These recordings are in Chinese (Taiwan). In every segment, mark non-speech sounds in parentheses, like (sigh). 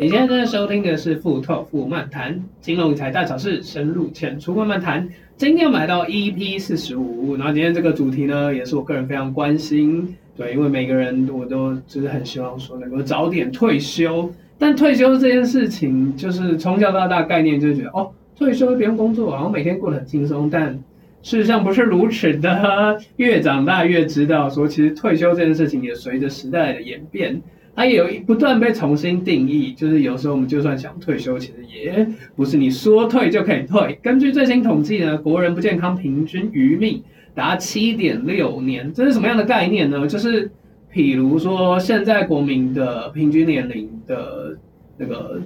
你現在正在收聽的是富特富漫談金融理財大小事，深入淺出慢慢談。今天我們來到 EP 四十五，然後今天這個主題呢，也是我個人非常關心。對，因為每個人我都就是很希望說能夠早點退休，但退休這件事情，就是從小到大概念就是覺得哦，退休不用工作，然後每天過得很輕鬆，但，事實上不是如此的，啊，越長大越知道說，其實退休這件事情也隨着時代的演變，它也有不斷被重新定義。就是有時候我們就算想退休，其實也不是你說退就可以退。根據最新統計呢，國人不健康平均餘命達七點六年，這是什麼樣的概念呢？就是譬如說，現在國民的平均年齡的那個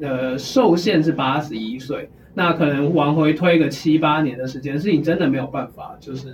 呃壽限是八十一歲。那可能往回推個七八年的時間，是你真的沒有辦法，就是，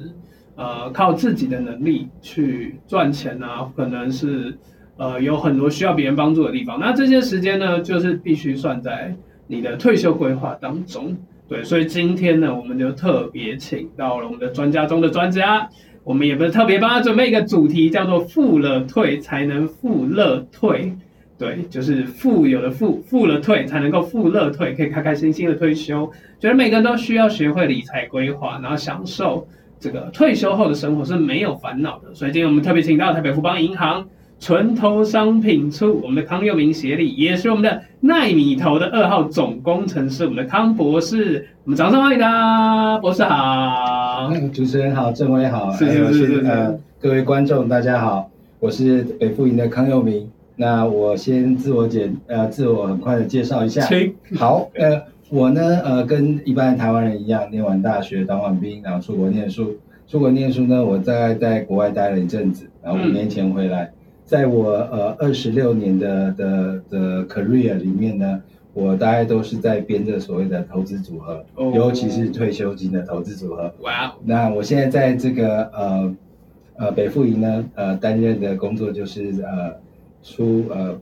呃，靠自己的能力去賺錢啊，可能是，呃，有很多需要別人幫助的地方。那這些時間呢，就是必須算在你的退休規劃當中。對，所以今天呢，我們就特別請到了我們的專家中的專家，我們也不是特別幫他準備一個主題，叫做“富了退，才能富樂退”。對，就是富有的富，富了退，才能夠富樂退，可以開開心心的退休。覺得每個人都需要學會理財規劃，然後享受這個退休後的生活是沒有煩惱的。所以今天我們特別請到台北富邦銀行純投商品處我們的康佑明協理，也是我們的奈米投的二號總工程師，我們的康博士。我們掌聲歡迎他。博士好。主持人好，政委好，謝謝是，謝謝、呃，各位觀眾大家好，我是北富銀的康佑明。那我先自我介，呃自我很快的介紹一下，好，呃，我呢，呃，跟一般的台灣人一樣，念完大學當完兵，然後出國念書。出國念書呢，我在在國外待了一陣子，然後五年前回來。在我呃二十六年的的的 career 裡面呢，我大概都是在編著所謂的投資組合，Oh. 尤其是退休金的投資組合。哇！Wow. 那我現在在這個呃呃北富銀呢，呃，擔任的工作就是呃。出呃，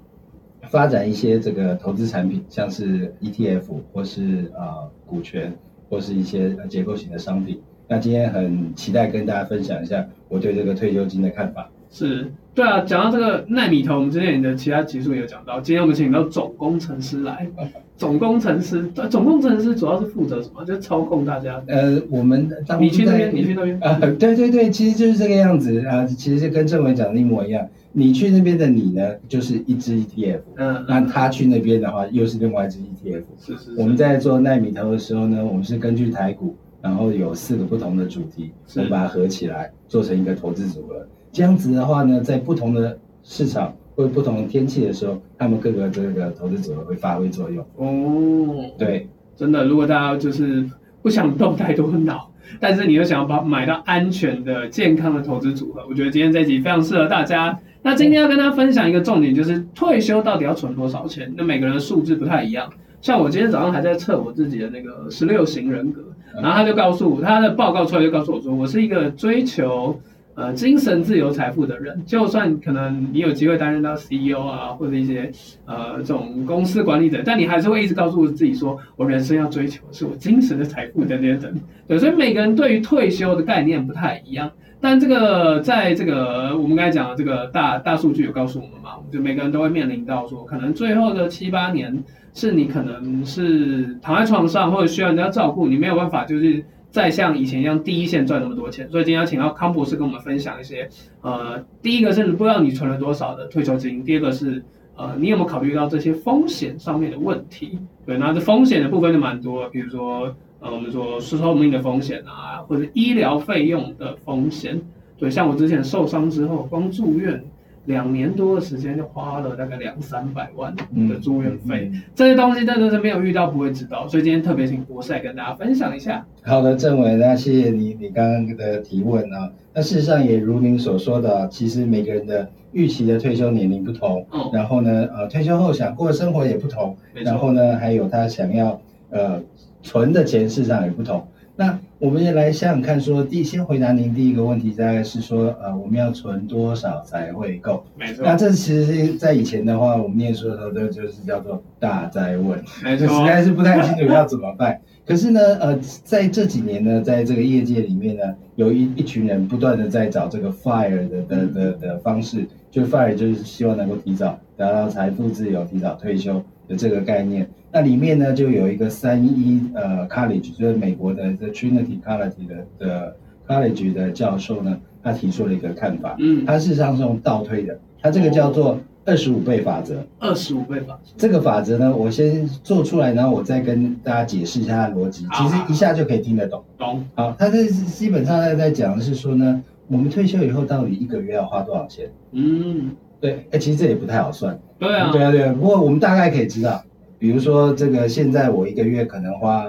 發展一些這個投資產品，像是 ETF 或是啊、呃、股權，或是一些結構型的商品。那今天很期待跟大家分享一下我對這個退休金的看法。是對啊，講到這個奈米頭，我們之前你的其他集數也有講到，今天我們請到總工程師來。總工程師，總工程師主要是負責什麼？就操控大家。呃，我們你去那邊，股你去那邊。呃，對對對，其實就是這個樣子啊，其實是跟正文講的一模一樣。你去那邊的你呢，就是一隻 ETF，嗯，那他去那邊的話，又是另外一隻 ETF。是是。我們在做奈米頭的時候呢，我們是根據台股，然後有四個不同的主題，是我把它合起來做成一個投資組合。這樣子的話呢，在不同的市場或不同的天氣的時候，他們各個這個投資組合會發揮作用。哦，對，真的，如果大家就是不想動太多腦，但是你又想要把買到安全的、健康的投資組合，我覺得今天這一集非常適合大家。那今天要跟大家分享一個重點，就是退休到底要存多少錢？那每個人的數字不太一樣，像我今天早上還在測我自己的那個十六型人格。然後他就告訴我，他的報告出來就告訴我說，說我是一個追求呃精神自由、財富的人，就算可能你有機會擔任到 CEO 啊，或者一些呃這種公司管理者，但你還是會一直告訴我自己說，我人生要追求的是我精神的財富等等，等等。等對，所以每個人對於退休的概念不太一樣。但這個在這個我們剛才講的這個大大數據有告訴我們嘛，就每個人都會面臨到說，可能最後的七八年。是你可能是躺在床上，或者需要人家照顧，你沒有辦法就是再像以前一樣第一線賺那麼多錢，所以今天要請到康博士跟我們分享一些，呃，第一個甚至不知道你存了多少的退休金，第二個是呃，你有沒有考慮到這些風險上面的問題？對，那這風險的部分就蠻多了，比如說呃，我們說壽命的風險啊，或者醫療費用的風險，對，像我之前受傷之後光住院。兩年多的時間就花了大概兩三百萬的住院費，嗯嗯、這些東西真的是沒有遇到不會知道，所以今天特別請郭 s 跟大家分享一下。好的，鄭偉，那謝謝你，你剛剛的提問啊，那事實上也如您所說的，啊，其實每個人的預期的退休年齡不同，嗯，然後呢，呃，退休後想過的生活也不同，錯然後呢，還有他想要呃存的錢事實上也不同，那。我們也來想想看說，說第先回答您第一個問題，大概是說，呃，我們要存多少才會夠？沒錯。那這其實是在以前的話，我們念書的時候，都就是叫做大哉問。沒錯。就實在是不太清楚要怎麼辦。 (laughs) 可是呢，呃，在這幾年呢，在這個業界裡面呢，有一一群人不斷的在找這個 FIRE 的的的、的、的方式，就 FIRE 就是希望能夠提早達到財富自由，提早退休，的這個概念，那裡面呢就有一個三一、e，呃 college，就是美國的 the Trinity College 的的 college 的教授呢，他提出了一個看法，嗯，他事實上是用倒推的，他這個叫做二十五倍法則。二十五倍法則，這個法則呢，我先做出來，然後我再跟大家解釋一下它的邏輯，啊啊其實一下就可以聽得懂。啊、懂。好，他這基本上他在講的是說呢，我們退休以後到底一個月要花多少錢？嗯。對誒，其實這也不太好算。對啊。嗯、對啊，對啊。不過我們大概可以知道，比如說這個，現在我一個月可能花，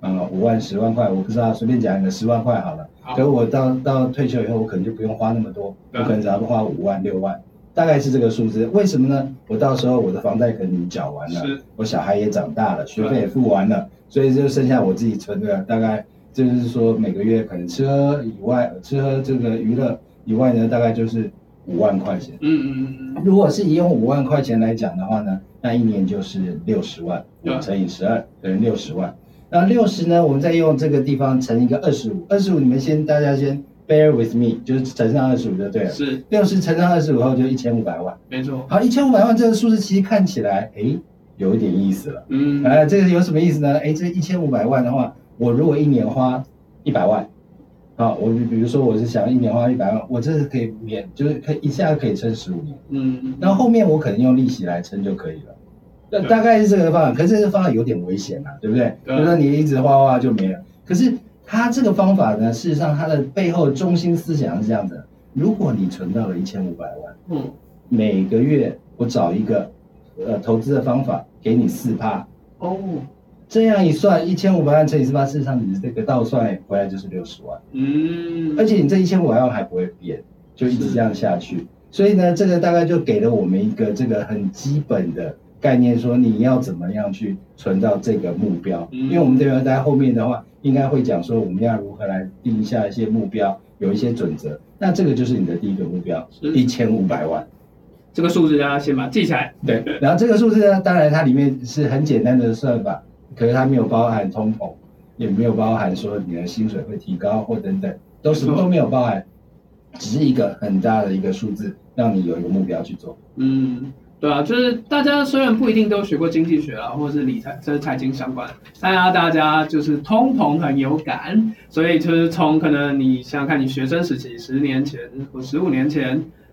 呃、嗯，五萬、十萬塊，我不知道，隨便講一個十萬塊好了。好。可我到到退休以後，我可能就不用花那麼多，啊、我可能只要花五萬、六萬，大概是這個數字。為什麼呢？我到時候我的房貸可能繳完了，是我小孩也長大了，學費也付完了，啊、所以就剩下我自己存的，大概就是說每個月可能吃喝以外，吃喝這個娛樂以外呢，大概就是。五萬塊錢，嗯嗯嗯，如果是以用五萬塊錢來講的話呢，那一年就是六十萬，五乘以十二等於六十萬。那六十呢，我們再用這個地方乘一個二十五，二十五，你們先大家先 bear with me，就是乘上二十五就對了。是，六十乘上二十五後就一千五百萬。沒錯。好，一千五百萬這個數字其實看起來，哎，有一點意思了。嗯。哎，這個有什麼意思呢？哎，這一千五百萬的話，我如果一年花一百萬。啊，我比如說我是想一年花一百萬，我這是可以免，就是可以一下可以撐十五年。嗯，嗯，那後，後面我可能用利息來撐就可以了。那對大概是這個方法，可是這個方法有點危險吶、啊，對不對？對，就是你一直花花就沒了。可是他這個方法呢，事實上他的背後中心思想是這樣的：如果你存到了一千五百萬，嗯，每個月我找一個呃投資的方法給你四趴。哦。這樣一算，一千五百萬乘以十八，事實上你這個倒算回來就是六十萬。嗯，而且你這一千五百萬還不會變，就一直這樣下去。是所以呢，這個大概就給了我們一個這個很基本的概念，說你要怎麼樣去存到這個目標。嗯，因為我們這邊在後面的話，應該會講說我們要如何來定一下一些目標，有一些準則。那這個就是你的第一個目標，一千五百萬。這個數字大家先把記起來。對。 (laughs) 然後這個數字呢，當然它裡面是很簡單的算法。可是它沒有包含通膨，也沒有包含說你的薪水會提高或等等，都什麼都沒有包含，嗯、只是一個很大的一個數字，讓你有一個目標去做。嗯，對啊，就是大家雖然不一定都學過經濟學啊，或者是理財，這是財經相關，但大家大家就是通膨很有感，所以就是從可能你想想看你學生時期十年前或十五年前，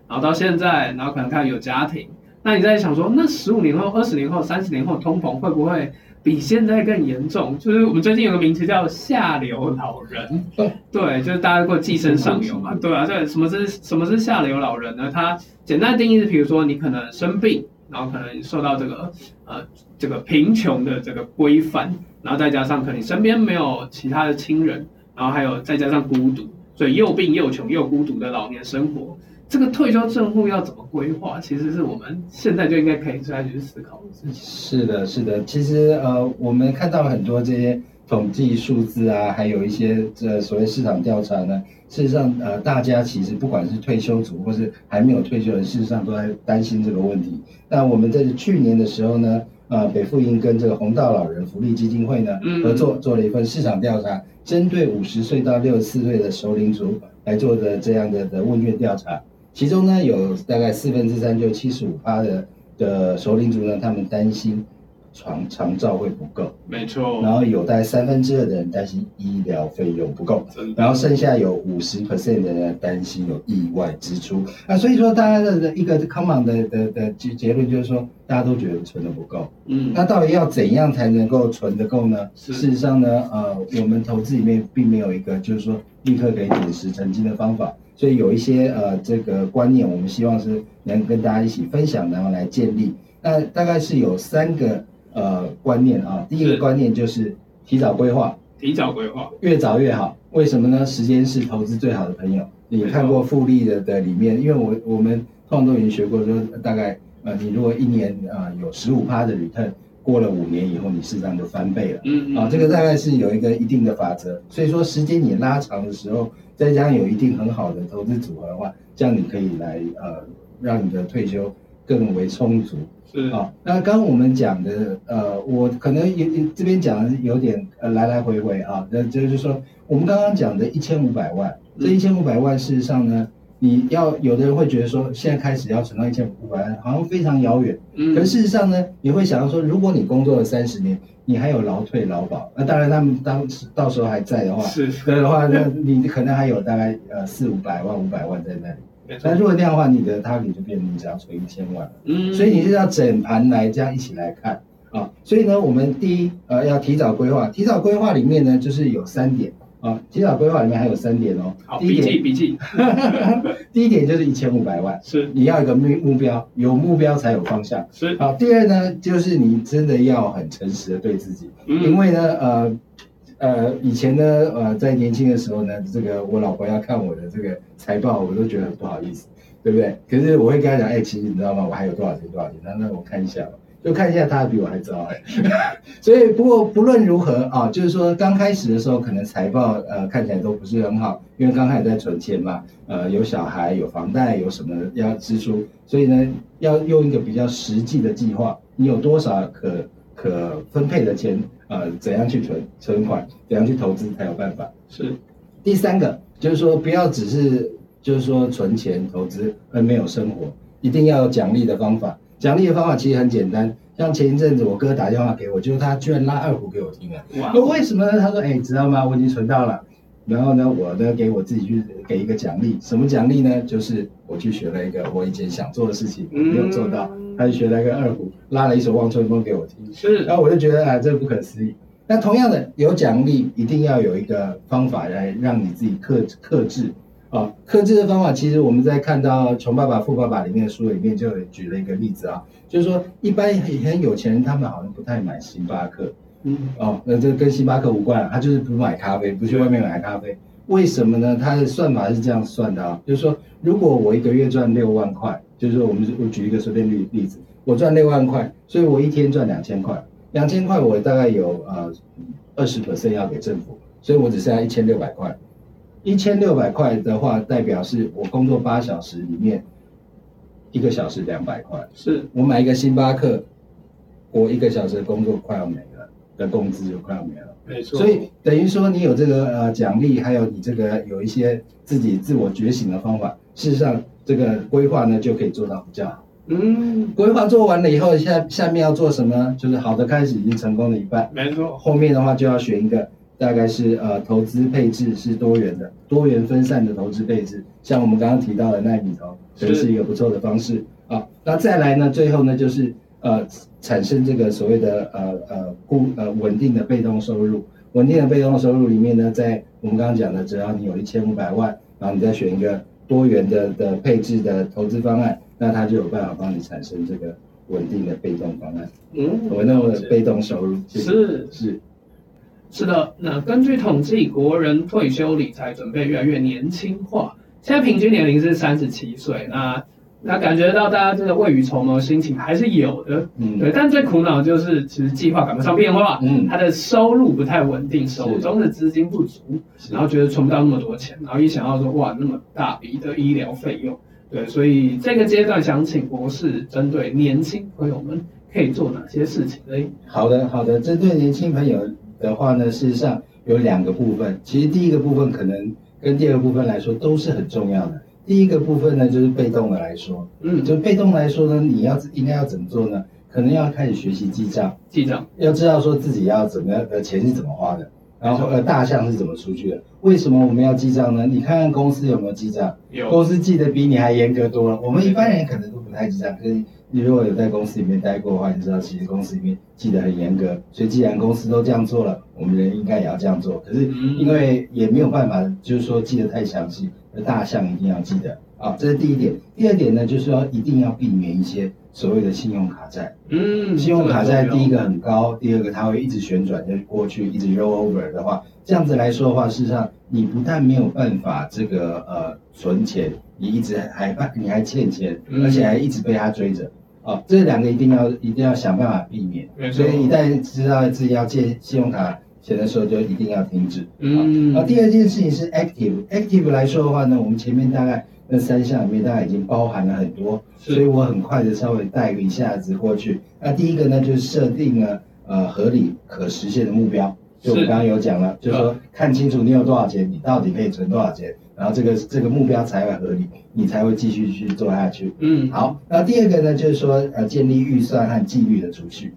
然後到現在，然後可能看有家庭，那你在想說，那十五年後、二十年後、三十年後，通膨會不會？比現在更嚴重，就是我們最近有個名詞叫“下流老人”，對，就是大家會寄生上游嘛，對啊，對，什麼是什麼是下流老人呢？它簡單定義是，比如說你可能生病，然後可能受到這個呃這個貧窮的這個規範，然後再加上可能身邊沒有其他的親人，然後還有再加上孤獨，所以又病又窮又孤獨的老年生活。這個退休帳戶要怎麼規劃，其實是我們現在就應該開始要去思考的事情。是的，是的。其實呃，我們看到很多這些統計數字啊，還有一些呃所謂市場調查呢，事實上呃大家其實不管是退休族或是還沒有退休人，事實上都在擔心這個問題。那我們在去年的時候呢，呃北富銀跟這個弘道老人福利基金會呢合作做了一份市場調查，針對五十歲到六十四歲的熟齡族來做的這樣的的問卷調查。其中呢，有大概四分之三，就七十五趴的的熟齡族呢，他們擔心長長照會不夠，沒錯錯。然後有大概三分之二的人擔心醫療費用不夠，的然後剩下有五十 percent 的人擔心有意外支出，嗯、啊，所以說大家的一個 common 的的的結結論就是說，大家都覺得存得不夠，嗯。那到底要怎樣才能夠存得夠呢？是事實上呢，呃，我們投資裡面並沒有一個就是說立刻可以點石成金的方法。所以有一些呃這個觀念，我們希望是能跟大家一起分享，然後來建立。那大概是有三個呃觀念啊，第一個觀念就是提早規劃，提早規劃，越早越好。為什麼呢？時間是投資最好的朋友。嗯、你看過複利的裡面，因為我我們通常都已經學過說，說大概呃，你如果一年啊、呃、有十五趴的 return。過了五年以後，你事實上就翻倍了、啊。嗯，啊，這個大概是有一個一定的法則。所以說，時間你拉長的時候，再加上有一定很好的投資組合的話，這樣你可以來呃，讓你的退休更為充足、啊。是啊，那剛剛我們講的呃，我可能有有這邊講的有點呃來來回回啊，那就是說我們剛剛講的一千五百萬，這一千五百萬事實上呢。嗯嗯你要有的人會覺得說，現在開始要存到一千五百萬，好像非常遙遠。嗯，可是事實上呢，你會想到說，如果你工作了三十年，你還有勞退、勞保，那當然他們當到時到時候還在的話，是，對的話呢，那 (laughs) 你可能還有大概呃四五百萬、五百萬在那裡。沒錯。那如果那樣的話，你的 target 就變成你只要存一千萬了。嗯，所以你是要整盤來這樣一起來看啊。所以呢，我們第一呃要提早規劃，提早規劃裡面呢就是有三點。啊，提早規劃裡面還有三點哦。好，第一點， (laughs) 第一點就是一千五百萬，是你要有個目目標，有目標才有方向。是，好，第二呢，就是你真的要很誠實的對自己，嗯、因為呢，呃，呃，以前呢，呃，在年輕的時候呢，這個我老婆要看我的這個財報，我都覺得很不好意思，對不對？可是我會跟她講，哎、欸，其實你知道嗎？我還有多少錢，多少錢？那那我看一下吧。就看一下他比我還糟，欸， (laughs) 所以不過不論如何啊，就是說剛開始的時候可能財報呃看起來都不是很好，因為剛開始在存錢嘛，呃有小孩有房貸有什麼要支出，所以呢要用一個比較實際的計劃，你有多少可可分配的錢呃，怎樣去存存款，怎樣去投資才有辦法。是第三個就是說不要只是就是說存錢投資而沒有生活，一定要有獎勵的方法。獎勵的方法其實很簡單，像前一陣子我哥打電話給我，就是他居然拉二胡給我聽啊！Wow. 那為什麼呢？他說：“哎、欸，知道嗎？我已經存到了，然後呢，我呢給我自己去給一個獎勵，什麼獎勵呢？就是我去學了一個我以前想做的事情沒有做到，嗯、他就學了一個二胡，拉了一首《望春風》給我聽。是，然後我就覺得啊，這不可思議。那同樣的，有獎勵一定要有一個方法來讓你自己克制克制。”好，克制、哦、的方法，其實我們在看到《窮爸爸富爸爸》裡面的書裡面就舉了一個例子啊，就是說一般很很有錢人，他們好像不太買星巴克，嗯，哦，那這跟星巴克無關啊，他就是不買咖啡，不去外面買咖啡，為什麼呢？他的算法是這樣算的啊，就是說如果我一個月賺六萬塊，就是說我們我舉一個隨便例例子，我賺六萬塊，所以我一天賺兩千塊，兩千塊我大概有呃二十 percent 要給政府，所以我只剩下一千六百塊。一千六百塊的話，代表是我工作八小時裡面，一個小時兩百塊。是我買一個星巴克，我一個小時工作快要沒了，的工資就快要沒了。沒錯。所以等於說你有這個呃獎勵，還有你這個有一些自己自我覺醒的方法，事實上這個規劃呢就可以做到比較好。嗯。規劃做完了以後，下下面要做什麼？就是好的開始已經成功了一半。沒錯。後面的話就要選一個。大概是呃投資配置是多元的，多元分散的投資配置，像我們剛剛提到的奈米投，這是一個不錯的方式是啊。那再來呢，最後呢，就是呃產生這個所謂的呃呃固呃穩定的被動收入。穩定的被動收入裡面呢，在我們剛剛講的，只要你有一千五百萬，然後你再選一個多元的的配置的投資方案，那它就有辦法幫你產生這個穩定的被動方案。嗯，我那麼被動收入是、就是。是是是的，那根據統計，國人退休理財準備越來越年輕化，現在平均年齡是三十七歲。那、嗯、那感覺到大家真的未雨綢繆心情還是有的，嗯，對。但最苦惱的就是，其實計劃趕不上變化。嗯，他的收入不太穩定，是手中的資金不足，是然後覺得存不到那麼多錢，然後一想到說哇，那麼大筆的醫療費用，對。所以這個階段想請博士針對年輕朋友們可以做哪些事情呢？哎，好的好的，針對年輕朋友。嗯的話呢，事實上有兩個部分，其實第一個部分可能跟第二個部分來說都是很重要的。第一個部分呢，就是被動的來說，嗯，就被動來說呢，你要應該要怎麼做呢？可能要開始學習記賬，記賬，要知道說自己要怎麼樣，呃，錢是怎麼花的，嗯、然後呃，大項是怎麼出去的。為什麼我們要記賬呢？你看看公司有沒有記賬？有，公司記得比你還嚴格多了。嗯、我們一般人可能都不太記賬，可是。你如果有在公司裡面待過的話，你知道其實公司裡面記得很嚴格，所以既然公司都這樣做了，我們人應該也要這樣做。可是因為也沒有辦法，就是說記得太詳細，那大項一定要記得啊，這是第一點。第二點呢，就是說一定要避免一些所謂的信用卡債。嗯，信用卡債第一個很高，第二個它會一直旋轉就過去，一直 roll over 的話，這樣子來說的話，事實上你不但沒有辦法這個呃存錢，你一直還還你還欠錢，而且還一直被他追着。哦、這兩個一定要一定要想辦法避免，錯所以一旦知道自己要借信用卡錢的時候，就一定要停止。嗯、那、哦、第二件事情是 active active 來說的話呢，我們前面大概那三項裡面大概已經包含了很多，是所以我很快的稍微帶一下子過去。那第一個呢，就是設定了呃合理可實現的目標。就我剛剛有講了，是就是說、嗯、看清楚你有多少錢，你到底可以存多少錢，然後這個這個目標才會合理，你才會繼續去做下去。嗯，好，然後第二個呢，就是說呃，建立預算和紀律的儲蓄。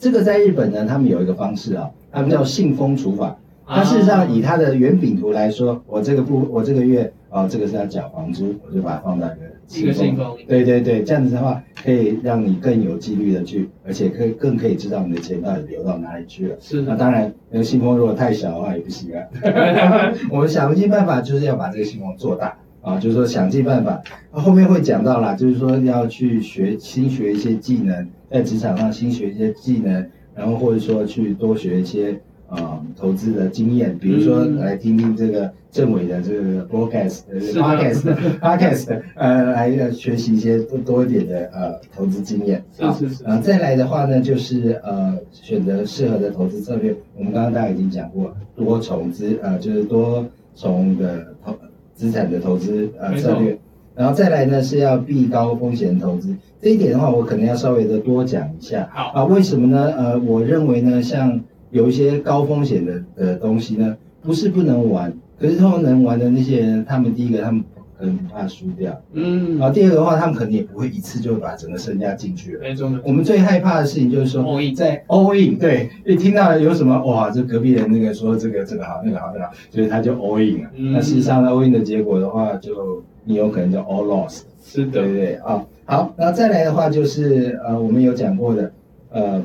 這個在日本呢，他們有一個方式啊，他們叫信封儲法。它、嗯、事實上以它的圓餅圖來說，我這個部，我這個月。哦，這個是要繳房租，我就把它放在一個信封。信封對對對，這樣子的話，可以讓你更有紀律的去，而且可以更可以知道你的錢到底流到哪裡去了。是的、啊，那當然，那個信封如果太小的話也不行啊。 (laughs) 啊我們想盡辦法，就是要把這個信封做大啊，就是說想盡辦法。那、啊、後面會講到啦，就是說要去學，新學一些技能，在職場上新學一些技能，然後或者說去多學一些。呃、嗯，投資的經驗，比如說來聽聽這個政委的這個 podcast，podcast，podcast，呃，來學習一些多多一點的呃、uh, 投資經驗。是，是是是。啊再來的話呢，就是呃，uh, 選擇適合的投資策略。我們剛剛大家已經講過，多重資呃、啊，就是多重的投資產的投資呃、啊、策略。沒錯。然後再來呢，是要避高風險投資。這一點的話，我可能要稍微的多講一下。好啊，為什麼呢？呃，我認為呢，像。有一些高風險的的東西呢，不是不能玩，可是通常能玩的那些人，他們第一個他們可能不怕輸掉，嗯，然後第二個的話，他們可能也不會一次就把整個身家進去了。哎、我們最害怕的事情就是說，all in，在 all in，對，一聽到有什麼哇，這隔壁人那個說這個這個好，那個好、那個、好那個好，所以他就 all in 了。嗯、那事實上，all in 的結果的話，就你有可能叫 all loss，是的，對不對啊？哦。好，那再來的話就是呃，我們有講過的呃。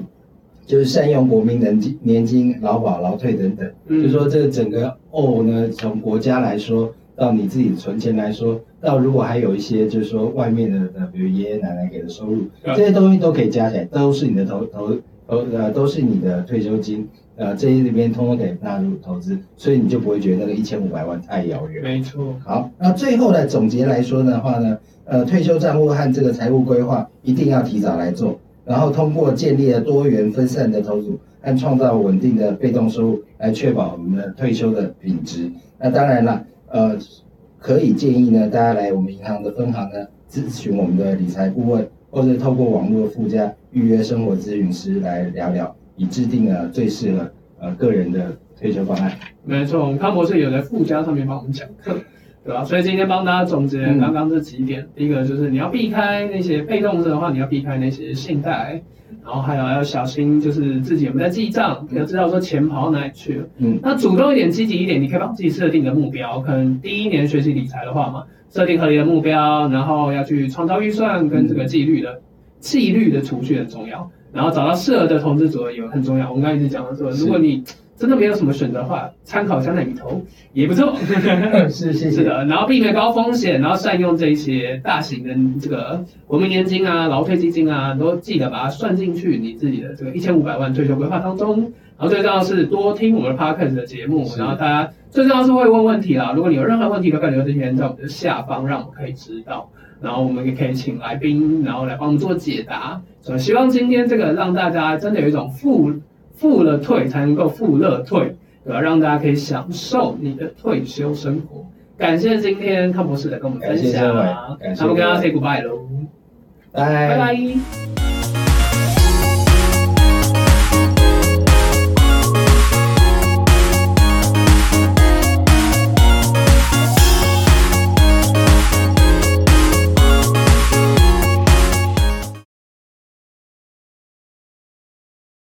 就是善用國民的年金、勞保、勞退等等，嗯、就是說這個整個哦呢，從國家來說，到你自己存錢來說，到如果還有一些就是說外面的，呃，比如爺爺奶奶給的收入，嗯、這些東西都可以加起來，都是你的投投投呃，都是你的退休金，呃，這些裡面通通可以納入投資，所以你就不會覺得那個一千五百萬太遙遠。沒錯錯。好，那最後的總結來說的話呢，呃，退休賬戶和這個財務規劃一定要提早來做。然後通過建立了多元分散的投組，來創造穩定的被動收入，來確保我們的退休的品質。那當然了，呃，可以建議呢，大家來我們銀行的分行呢，諮詢我們的理財顧問，或者透過網絡的附加預約生活諮詢師來聊聊，以制定了最適合，呃，個人的退休方案。沒錯，我們康博士有在附加上面幫我們講課。呵呵對吧、啊？所以今天幫大家總結剛剛這幾點，嗯、第一個就是你要避開那些被動式的話，你要避開那些信貸，嗯、然後還有要小心就是自己有沒有在記賬，嗯、你要知道說錢跑到哪裡去了。嗯，那主動一點、積極一點，你可以幫自己設定的目標。可能第一年學習理財的話嘛，設定合理的目標，然後要去創造預算跟這個紀律的、嗯、紀律的儲蓄很重要，然後找到適合的投資組合也很重要。我們剛才一直講的、這個、是，如果你。真的沒有什麼選擇的話，參考相對比頭也不錯。 (laughs) (laughs) 是是是，是的，然後避免高風險，然後善用這一些大型的這個國民年金啊、勞退基金啊，都記得把它算進去你自己的這個一千五百萬退休規劃當中。然後最重要是多聽我們的 Podcast 的節目，的然後大家最重要是會問問題啦，啊。如果你有任何問題的，都可以留言在我們的下方，讓我們可以知道，然後我們也可以請來賓，然後來幫我們做解答。所以希望今天這個讓大家真的有一種富。富了退，才能夠富樂退，我要讓大家可以享受你的退休生活。感謝今天湯博士來跟我們分享，我們跟大家 say goodbye 嘍，拜拜。